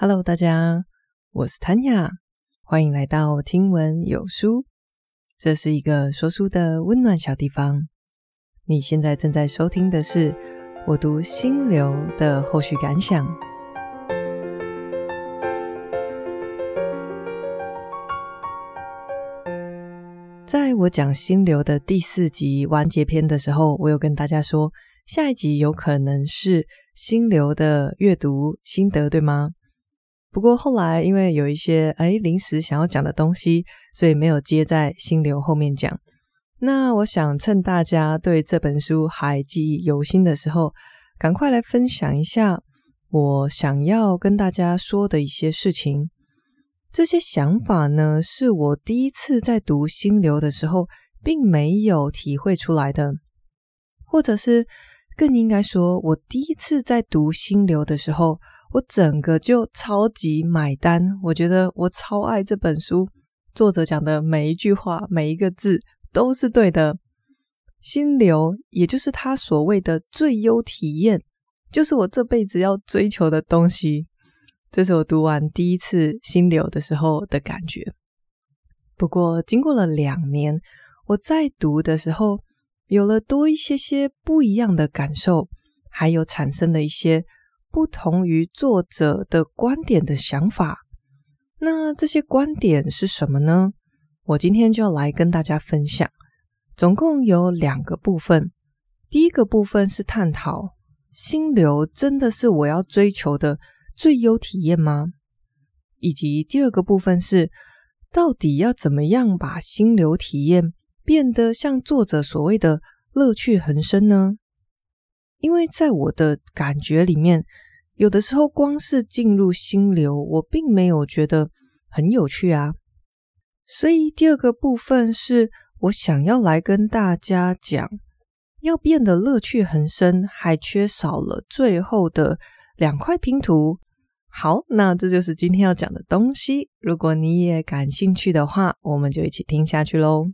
Hello，大家，我是 Tanya，歡迎來到聽聞有書，這是一個說書的溫暖小地方。你現在正在收聽的是我讀《心流》的後續感想。在我講《心流》的第四集完結篇的時候，我有跟大家說，下一集有可能是《心流》的閱讀心得，對嗎？不過後來，因為有一些誒、哎、臨時想要講的東西，所以沒有接在心流後面講。那我想趁大家對這本書還記憶猶新的時候，趕快來分享一下我想要跟大家說的一些事情。這些想法呢，是我第一次在讀心流的時候並沒有體會出來的，或者是更應該說，我第一次在讀心流的時候。我整個就超級買單，我覺得我超愛這本書，作者講的每一句話、每一個字都是對的。心流，也就是他所謂的最優體驗，就是我這輩子要追求的東西。這是我讀完第一次心流的時候的感覺。不過，經過了兩年，我再讀的時候，有了多一些些不一樣的感受，還有產生的一些。不同於作者的觀點的想法，那這些觀點是什麼呢？我今天就要來跟大家分享，總共有兩個部分。第一個部分是探討心流真的是我要追求的最優體驗嗎？以及第二個部分是到底要怎麼樣把心流體驗變得像作者所謂的樂趣橫生呢？因為在我的感覺裡面，有的時候光是進入心流，我並沒有覺得很有趣啊。所以第二個部分是我想要來跟大家講，要變得樂趣橫生，還缺少了最後的兩塊拼圖。好，那這就是今天要講的東西。如果你也感興趣的話，我們就一起聽下去嘍。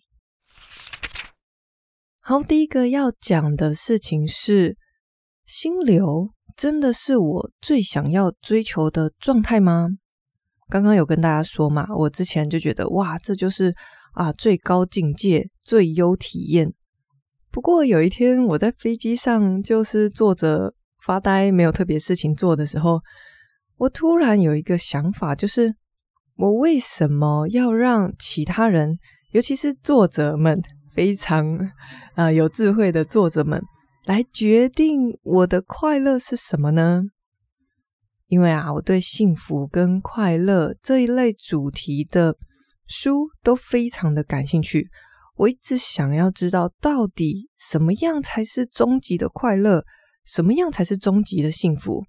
好，第一個要講的事情是。心流真的是我最想要追求的狀態嗎？剛剛有跟大家說嘛，我之前就覺得哇，這就是啊最高境界、最優體驗。不過有一天我在飛機上，就是坐着發呆，沒有特別事情做的時候，我突然有一個想法，就是我為什麼要讓其他人，尤其是作者們，非常啊有智慧的作者們。來決定我的快樂是什麼呢？因為啊，我對幸福跟快樂這一類主題的書都非常的感興趣。我一直想要知道，到底什麼樣才是終極的快樂，什麼樣才是終極的幸福？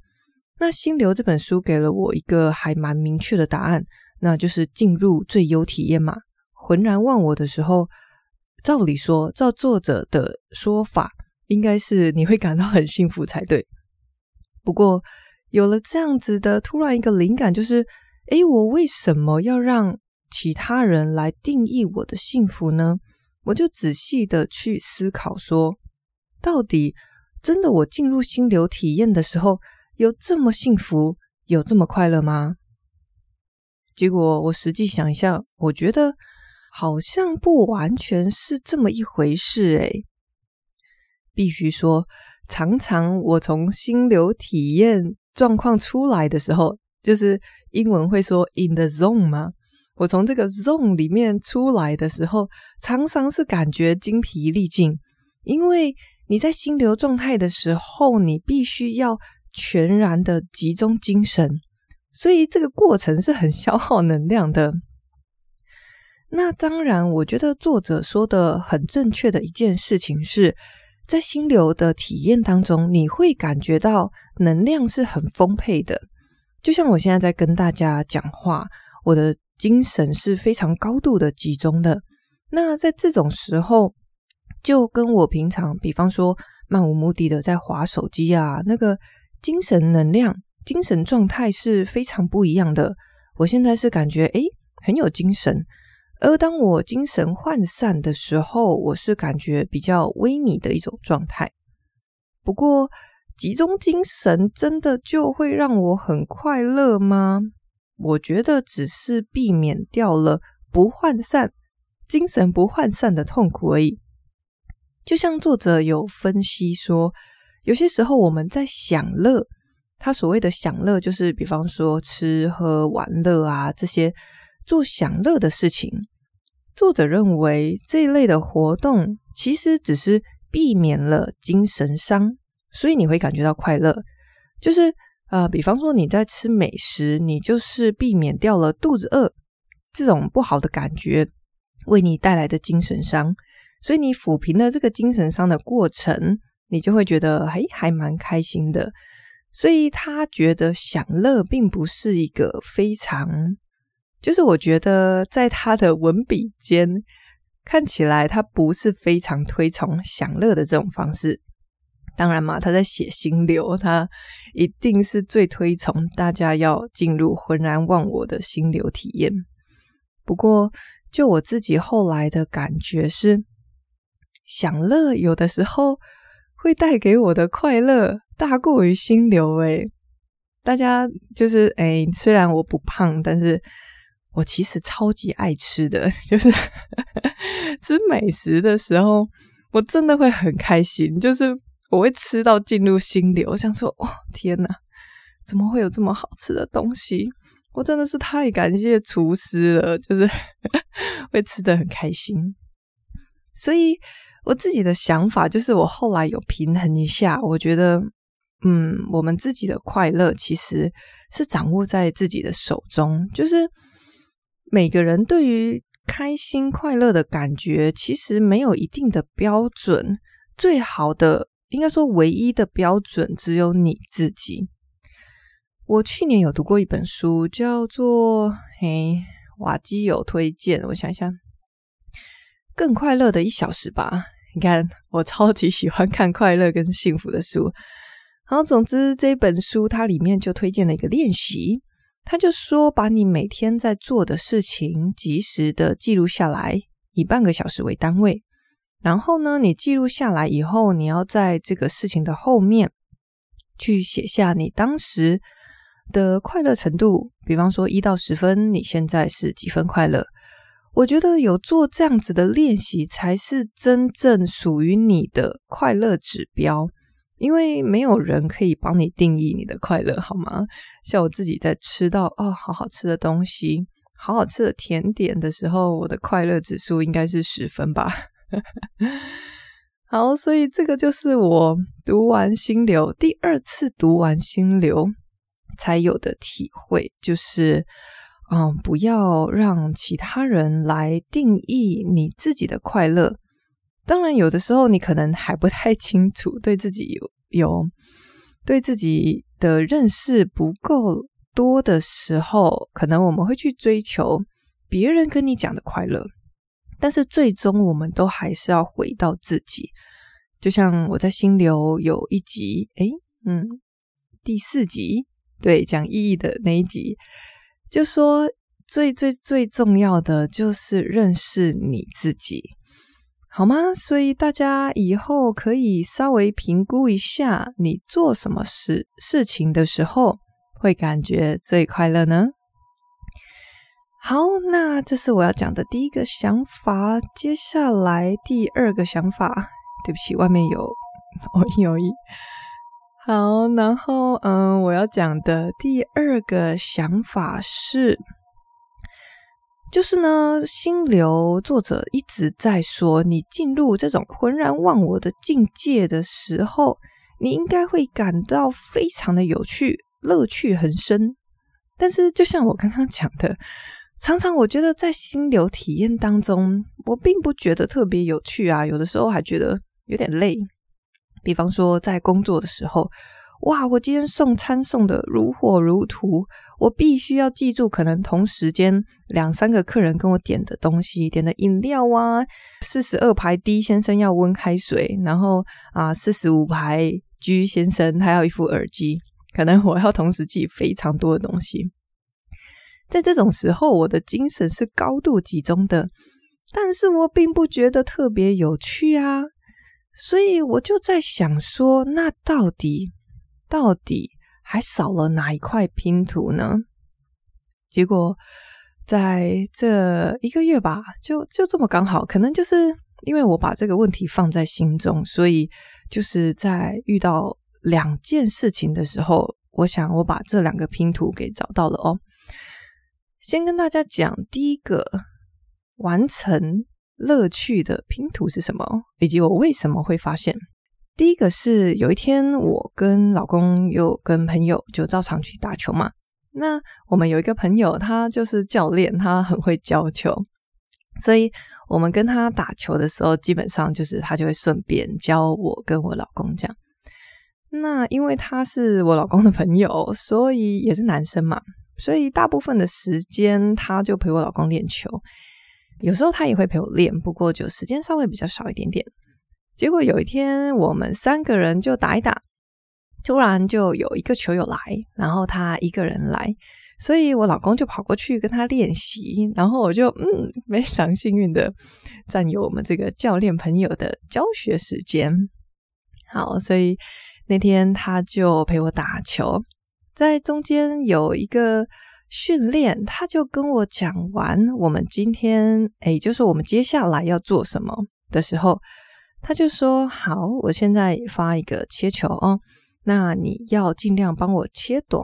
那《心流》這本書給了我一個還蠻明確的答案，那就是進入最優體驗嘛。渾然忘我的時候，照理說，照作者的說法。應該是你會感到很幸福才對。不過，有了這樣子的突然一個靈感，就是，哎，我為什麼要讓其他人來定義我的幸福呢？我就仔細的去思考，說，到底真的我進入心流體驗的時候，有這麼幸福，有這麼快樂嗎？結果我實際想一下，我覺得好像不完全是這麼一回事，欸，誒。必須說，常常我從心流體驗狀況出來的時候，就是英文會說 “in the zone” 嘛，我從這個 zone 裡面出來的時候，常常是感覺精疲力盡，因為你在心流狀態的時候，你必須要全然的集中精神，所以這個過程是很消耗能量的。那當然，我覺得作者說的很正確的一件事情是，在心流的體驗當中，你會感覺到能量是很豐沛的。就像我現在在跟大家講話，我的精神是非常高度的集中的。那在這種時候，就跟我平常，比方說漫無目的的在滑手機啊，那個精神能量、精神狀態是非常不一樣的。我現在是感覺，欸，很有精神。而當我精神渙散的時候，我是感覺比較萎靡的一種狀態。不過，集中精神真的就會讓我很快樂嗎？我覺得只是避免掉了不渙散、精神不渙散的痛苦而已。就像作者有分析說，有些時候我們在享樂，他所謂的享樂就是，比方說吃喝玩樂啊這些。做享樂的事情，作者認為這一類的活動其實只是避免了精神傷，所以你會感覺到快樂。就是啊，呃，比方說你在吃美食，你就是避免掉了肚子餓這種不好的感覺為你帶來的精神傷，所以你撫平了這個精神傷的過程，你就會覺得嘿，還蠻開心的。所以他覺得享樂並不是一個非常。就是我覺得，在他的文筆間，看起來他不是非常推崇享樂的這種方式。當然嘛，他在寫心流，他一定是最推崇大家要進入渾然忘我的心流體驗。不過，就我自己後來的感覺是，享樂有的時候會帶給我的快樂大過於心流誒。大家就是誒、欸、雖然我不胖，但是。我其實超級愛吃的就是 吃美食的時候，我真的會很開心，就是我會吃到進入心流，我想說，哦，天吶怎麼會有這麼好吃的東西？我真的是太感謝廚師了，就是 會吃的很開心。所以我自己的想法就是，我後來有平衡一下，我覺得，嗯，我們自己的快樂其實是掌握在自己的手中，就是。每個人對於開心快樂的感覺，其實沒有一定的標準。最好的，應該說唯一的標準，只有你自己。我去年有讀過一本書，叫做「嘿，瓦基有推薦」，我想一下，《更快樂的一小時》吧。你看，我超級喜歡看快樂跟幸福的書。然後，總之這本書它裡面就推薦了一個練習。他就說，把你每天在做的事情及時的記錄下來，以半個小時為單位。然後呢，你記錄下來以後，你要在這個事情的後面去寫下你當時的快樂程度，比方說一到十分，你現在是幾分快樂？我覺得有做這樣子的練習，才是真正屬於你的快樂指標。因為沒有人可以幫你定義你的快樂，好嗎？像我自己在吃到哦好好吃的東西、好好吃的甜點的時候，我的快樂指數應該是十分吧。 好，所以這個就是我讀完《心流》，第二次讀完《心流》才有的體會，就是嗯，不要讓其他人來定義你自己的快樂。當然，有的時候你可能還不太清楚，對自己有有對自己的認識不夠多的時候，可能我們會去追求別人跟你講的快樂，但是最終我們都還是要回到自己。就像我在《心流》有一集，哎，嗯，第四集，對，講意義的那一集，就說最最最重要的就是認識你自己。好嗎？所以大家以後可以稍微評估一下，你做什麼事事情的時候會感覺最快樂呢？好，那這是我要講的第一個想法。接下來第二個想法，對不起，外面有，有意有意。好，然後嗯，我要講的第二個想法是，就是呢，心流作者一直在說，你進入這種渾然忘我的境界的時候，你應該會感到非常的有趣，樂趣橫生。但是，就像我剛剛講的，常常我覺得在心流體驗當中，我並不覺得特別有趣啊，有的時候還覺得有點累。比方說，在工作的時候。哇！我今天送餐送的如火如荼，我必須要記住可能同時間兩三個客人跟我點的東西，點的飲料啊，四十二排 D 先生要溫開水，然後啊四十五排 G 先生他要一副耳機，可能我要同時記非常多的東西。在這種時候，我的精神是高度集中的，但是我並不覺得特別有趣啊，所以我就在想說，那到底？到底還少了哪一塊拼圖呢？結果在這一個月吧，就就這麼剛好，可能就是因為我把這個問題放在心中，所以就是在遇到兩件事情的時候，我想我把這兩個拼圖給找到了哦。先跟大家講第一個完成樂趣的拼圖是什麼，以及我為什麼會發現。第一個是有一天我跟老公有跟朋友就照常去打球嘛，那我們有一個朋友，他就是教練，他很會教球，所以我們跟他打球的時候，基本上就是他就會順便教我跟我老公這樣。那因為他是我老公的朋友，所以也是男生嘛，所以大部分的時間他就陪我老公練球，有時候他也會陪我練，不過就時間稍微比較少一點點。結果有一天，我們三個人就打一打，突然就有一個球友來，然後他一個人來，所以我老公就跑過去跟他練習，然後我就嗯，非常幸運的占有我們這個教練朋友的教學時間。好，所以那天他就陪我打球，在中間有一個訓練，他就跟我講完我們今天，誒，就是我們接下來要做什麼的時候。他就說：“好，我現在發一個切球哦，那你要盡量幫我切短。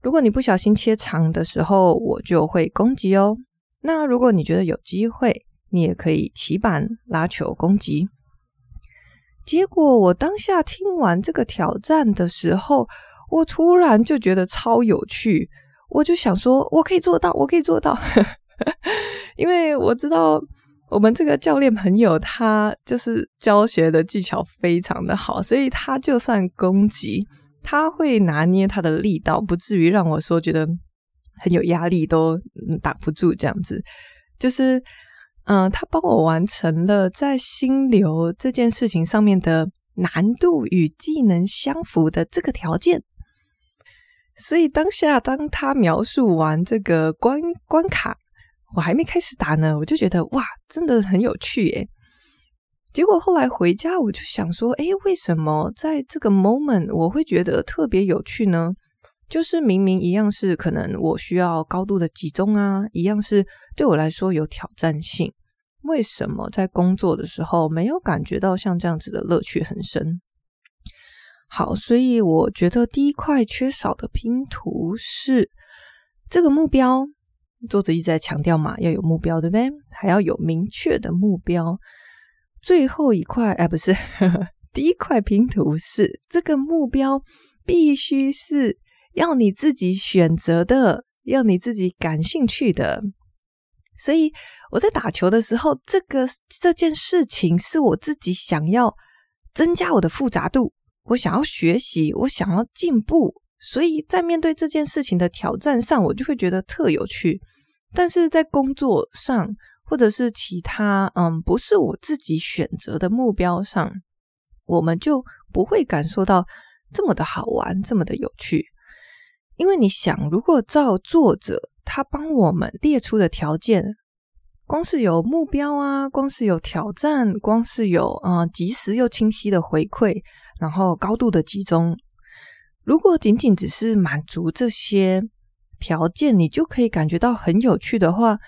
如果你不小心切長的時候，我就會攻擊哦。那如果你覺得有機會，你也可以起板拉球攻擊。”結果我當下聽完這個挑戰的時候，我突然就覺得超有趣，我就想說：“我可以做到，我可以做到。 ”因為我知道。我們這個教練朋友，他就是教學的技巧非常的好，所以他就算攻擊，他會拿捏他的力道，不至於讓我說覺得很有壓力都擋不住這樣子。就是，嗯，他幫我完成了在心流這件事情上面的難度與技能相符的這個條件。所以當下，當他描述完這個關，關卡。我還沒開始打呢，我就覺得哇，真的很有趣耶。結果後來回家，我就想說，誒、欸，為什麼在這個 moment 我會覺得特別有趣呢？就是明明一樣是可能我需要高度的集中啊，一樣是對我來說有挑戰性，為什麼在工作的時候沒有感覺到像這樣子的樂趣很深？好，所以我覺得第一塊缺少的拼圖是這個目標。作者一直在強調嘛，要有目標，對不對？還要有明確的目標。最後一塊，哎，不是呵呵，第一塊拼圖是，是這個目標必須是要你自己選擇的，要你自己感興趣的。所以我在打球的時候，這個這件事情是我自己想要增加我的複雜度，我想要學習，我想要進步。所以在面對這件事情的挑戰上，我就會覺得特有趣；但是在工作上或者是其他嗯，不是我自己選擇的目標上，我們就不會感受到這麼的好玩，這麼的有趣。因為你想，如果照作者他幫我們列出的條件，光是有目標啊，光是有挑戰，光是有嗯，即時又清晰的回饋，然後高度的集中。如果僅僅只是滿足這些條件，你就可以感覺到很有趣的話，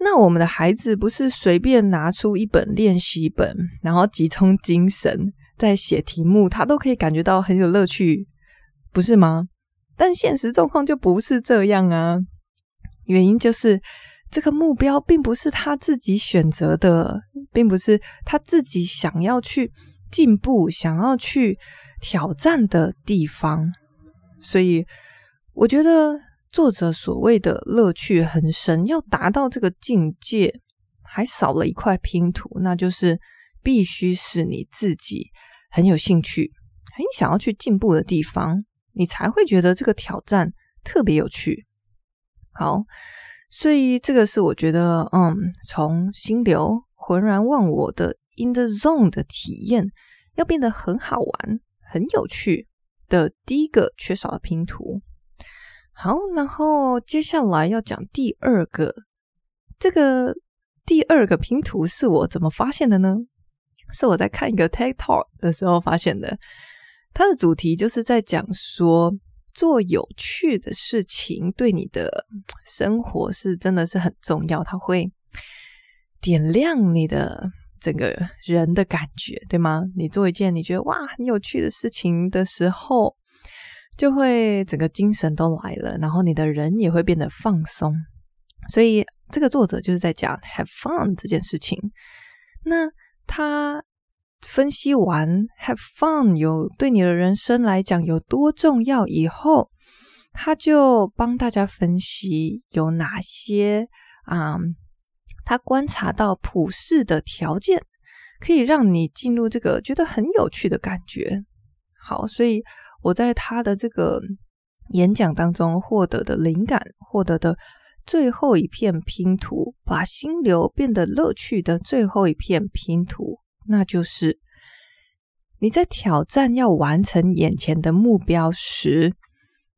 那我們的孩子不是隨便拿出一本練習本，然後集中精神在寫題目，他都可以感覺到很有樂趣，不是嗎？但現實狀況就不是這樣啊，原因就是這個目標並不是他自己選擇的，並不是他自己想要去進步，想要去。挑戰的地方，所以我覺得作者所謂的樂趣很深，要達到這個境界，還少了一塊拼圖，那就是必須是你自己很有興趣、很想要去進步的地方，你才會覺得這個挑戰特別有趣。好，所以這個是我覺得，嗯，從心流、渾然忘我的 in the zone 的體驗，要變得很好玩。很有趣的第一個缺少的拼圖。好，然後接下來要講第二個，這個第二個拼圖是我怎麼發現的呢？是我在看一個 TikTok 的時候發現的。它的主題就是在講說，做有趣的事情對你的生活是真的是很重要，它會點亮你的整個人的感覺，對嗎？你做一件你覺得哇很有趣的事情的時候，就會整個精神都來了，然後你的人也會變得放鬆。所以這個作者就是在講 “have fun” 這件事情。那他分析完 “have fun” 有對你的人生來講有多重要以後，他就幫大家分析有哪些啊。Um, 他觀察到普世的條件，可以讓你進入這個覺得很有趣的感覺。好，所以我在他的這個演講當中獲得的靈感，獲得的最後一片拼圖，把心流變得樂趣的最後一片拼圖，那就是你在挑戰要完成眼前的目標時，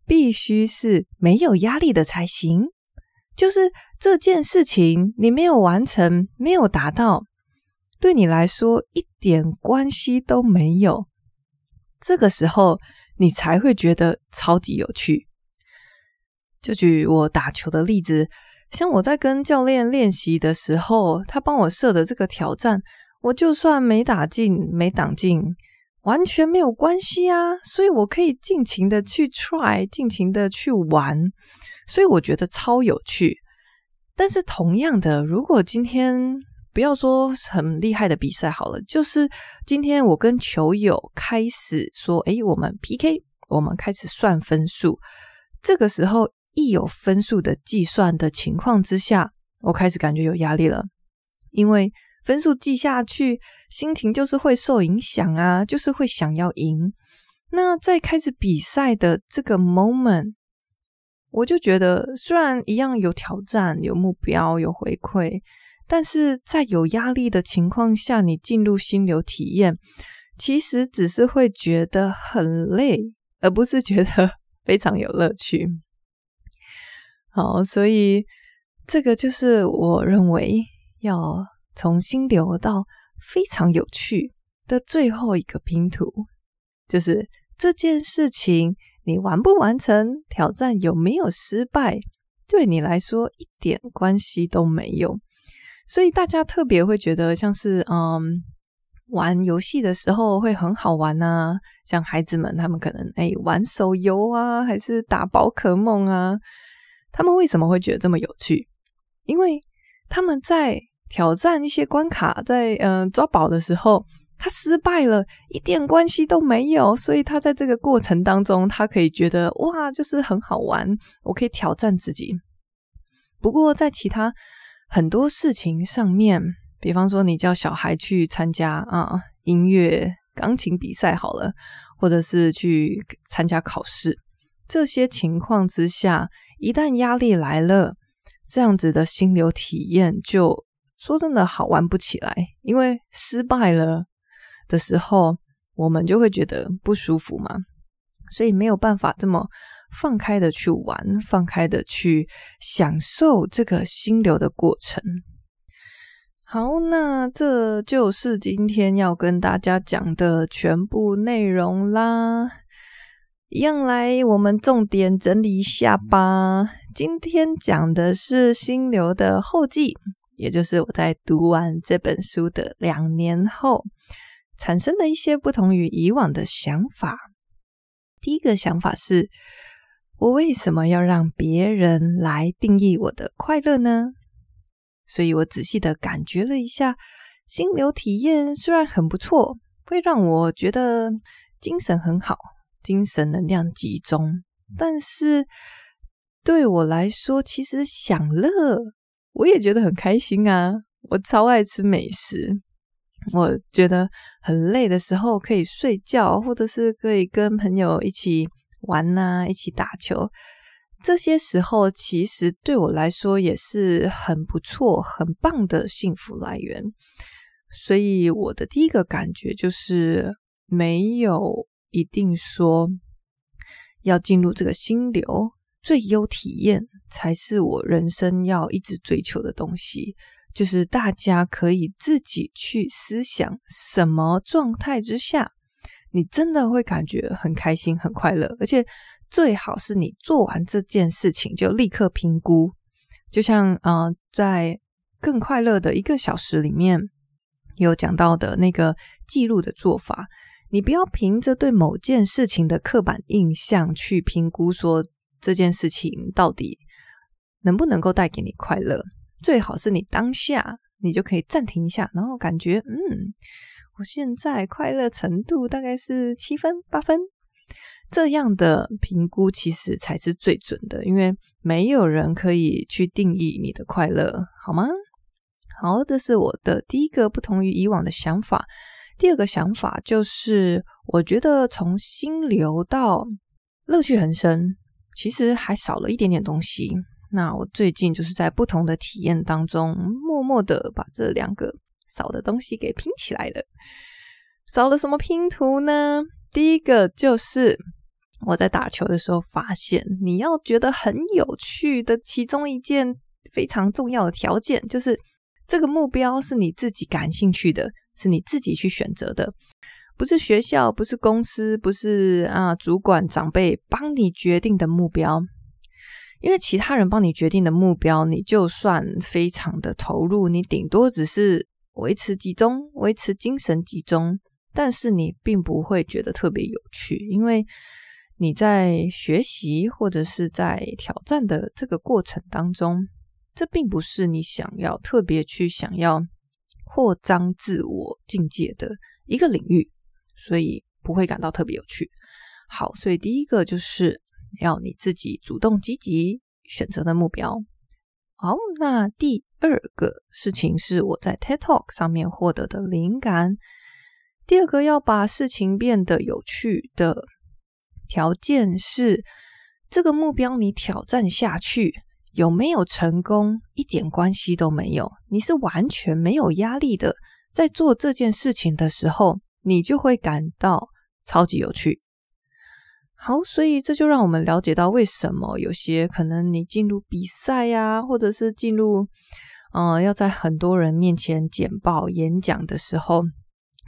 必須是沒有壓力的才行。就是這件事情你沒有完成，沒有達到，對你來說一點關係都沒有。這個時候你才會覺得超級有趣。就舉我打球的例子，像我在跟教練練習的時候，他幫我設的這個挑戰，我就算沒打進、沒擋進，完全沒有關係啊，所以我可以盡情的去 try，盡情的去玩。所以我覺得超有趣，但是同樣的，如果今天不要說很厲害的比賽好了，就是今天我跟球友開始說，誒，我們 PK，我們開始算分數。這個時候一有分數的計算的情況之下，我開始感覺有壓力了，因為分數計下去，心情就是會受影響啊，就是會想要贏。那在開始比賽的這個 moment。我就覺得，雖然一樣有挑戰、有目標、有回饋，但是在有壓力的情況下，你進入心流體驗，其實只是會覺得很累，而不是覺得非常有樂趣。好，所以這個就是我認為要從心流到非常有趣的最後一個拼圖，就是這件事情。你完不完成挑戰，有沒有失敗，對你來說一點關係都沒有。所以大家特別會覺得，像是嗯玩遊戲的時候會很好玩呐、啊。像孩子們，他們可能哎、欸、玩手遊啊，還是打寶可夢啊，他們為什麼會覺得這麼有趣？因為他們在挑戰一些關卡，在嗯抓寶的時候。他失敗了，一點關係都沒有，所以他在這個過程當中，他可以覺得哇，就是很好玩，我可以挑戰自己。不過在其他很多事情上面，比方說你叫小孩去參加啊音樂鋼琴比賽好了，或者是去參加考試，這些情況之下，一旦壓力來了，這樣子的心流體驗就說真的好玩不起來，因為失敗了，的時候，我們就會覺得不舒服嘛，所以沒有辦法這麼放開的去玩，放開的去享受這個心流的過程。好，那這就是今天要跟大家講的全部內容啦。一樣來，我們重點整理一下吧。今天講的是《心流》的後記，也就是我在讀完這本書的兩年後。產生了一些不同於以往的想法。第一個想法是：我為什麼要讓別人來定義我的快樂呢？所以我仔細地感覺了一下，心流體驗雖然很不錯，會讓我覺得精神很好，精神能量集中，但是對我來說，其實享樂我也覺得很開心啊，我超愛吃美食。我覺得很累的時候，可以睡覺，或者是可以跟朋友一起玩吶、啊，一起打球。這些時候其實對我來說也是很不錯、很棒的幸福來源。所以我的第一個感覺就是，沒有一定說要進入這個心流，最優體驗才是我人生要一直追求的東西。就是大家可以自己去思想，什麼狀態之下，你真的會感覺很開心、很快樂，而且最好是你做完這件事情就立刻評估。就像，呃，在更快樂的一個小時裡面有講到的那個記錄的做法，你不要憑着對某件事情的刻板印象去評估說這件事情到底能不能夠帶給你快樂。最好是你當下，你就可以暫停一下，然後感覺，嗯，我現在快樂程度大概是七分、八分，這樣的評估其實才是最準的，因為沒有人可以去定義你的快樂，好嗎？好，這是我的第一個不同於以往的想法。第二個想法就是，我覺得從心流到樂趣橫生，其實還少了一點點東西。那我最近就是在不同的體驗當中，默默的把這兩個少的東西給拼起來了。少了什麼拼圖呢？第一個就是我在打球的時候發現，你要覺得很有趣的其中一件非常重要的條件，就是這個目標是你自己感興趣的，是你自己去選擇的，不是學校，不是公司，不是啊，主管長輩幫你決定的目標。因為其他人幫你決定的目標，你就算非常的投入，你頂多只是維持集中，維持精神集中，但是你並不會覺得特別有趣，因為你在學習或者是在挑戰的這個過程當中，這並不是你想要特別去想要擴張自我境界的一個領域，所以不會感到特別有趣。好，所以第一個就是。要你自己主動積極選擇的目標。好，那第二個事情是我在 TED Talk 上面獲得的靈感。第二個要把事情變得有趣的條件是，這個目標你挑戰下去，有沒有成功，一點關係都沒有，你是完全沒有壓力的，在做這件事情的時候，你就會感到超級有趣。好，所以這就讓我們了解到，為什麼有些可能你進入比賽呀、啊，或者是進入，嗯、呃，要在很多人面前簡報演講的時候，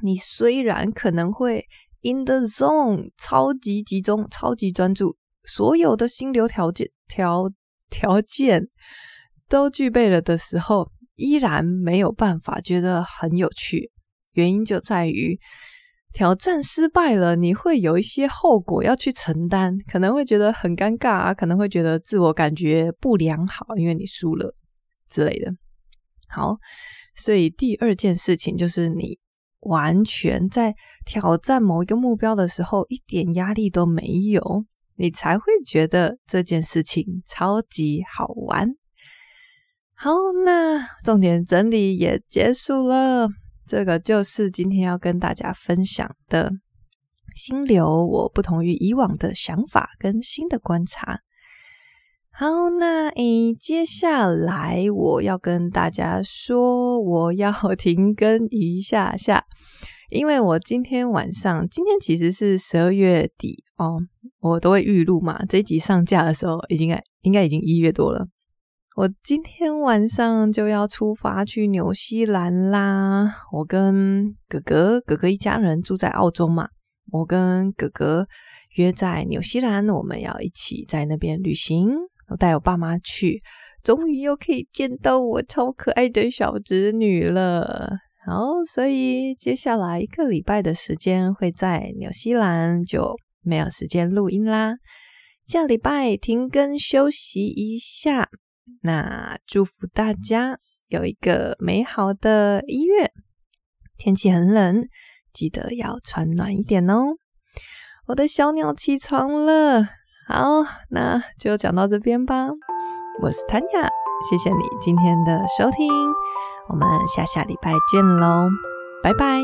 你雖然可能會 in the zone，超級集中、超級專注，所有的心流條件條條件都具備了的時候，依然沒有辦法覺得很有趣，原因就在於。挑戰失敗了，你會有一些後果要去承擔，可能會覺得很尷尬啊，可能會覺得自我感覺不良好，因為你輸了之類的。好，所以第二件事情就是，你完全在挑戰某一個目標的時候，一點壓力都沒有，你才會覺得這件事情超級好玩。好，那重點整理也結束了。這個就是今天要跟大家分享的心流，我不同於以往的想法跟新的觀察。好，那誒、欸，接下來我要跟大家說，我要停更一下下，因為我今天晚上，今天其實是十二月底哦，我都會預錄嘛，這一集上架的時候已經，應該應該已經一月多了。我今天晚上就要出發去紐西蘭啦！我跟哥哥，哥哥一家人住在澳洲嘛。我跟哥哥約在紐西蘭，我們要一起在那邊旅行，我帶我爸媽去。終於又可以見到我超可愛的小侄女了。好，所以接下來一個禮拜的時間會在紐西蘭，就沒有時間錄音啦。下禮拜停更休息一下。那祝福大家有一個美好的一月，天氣很冷，記得要穿暖一點哦。我的小鳥起床了，好，那就講到這邊吧。我是 Tanya，謝謝你今天的收聽，我們下下禮拜見嘍，拜拜。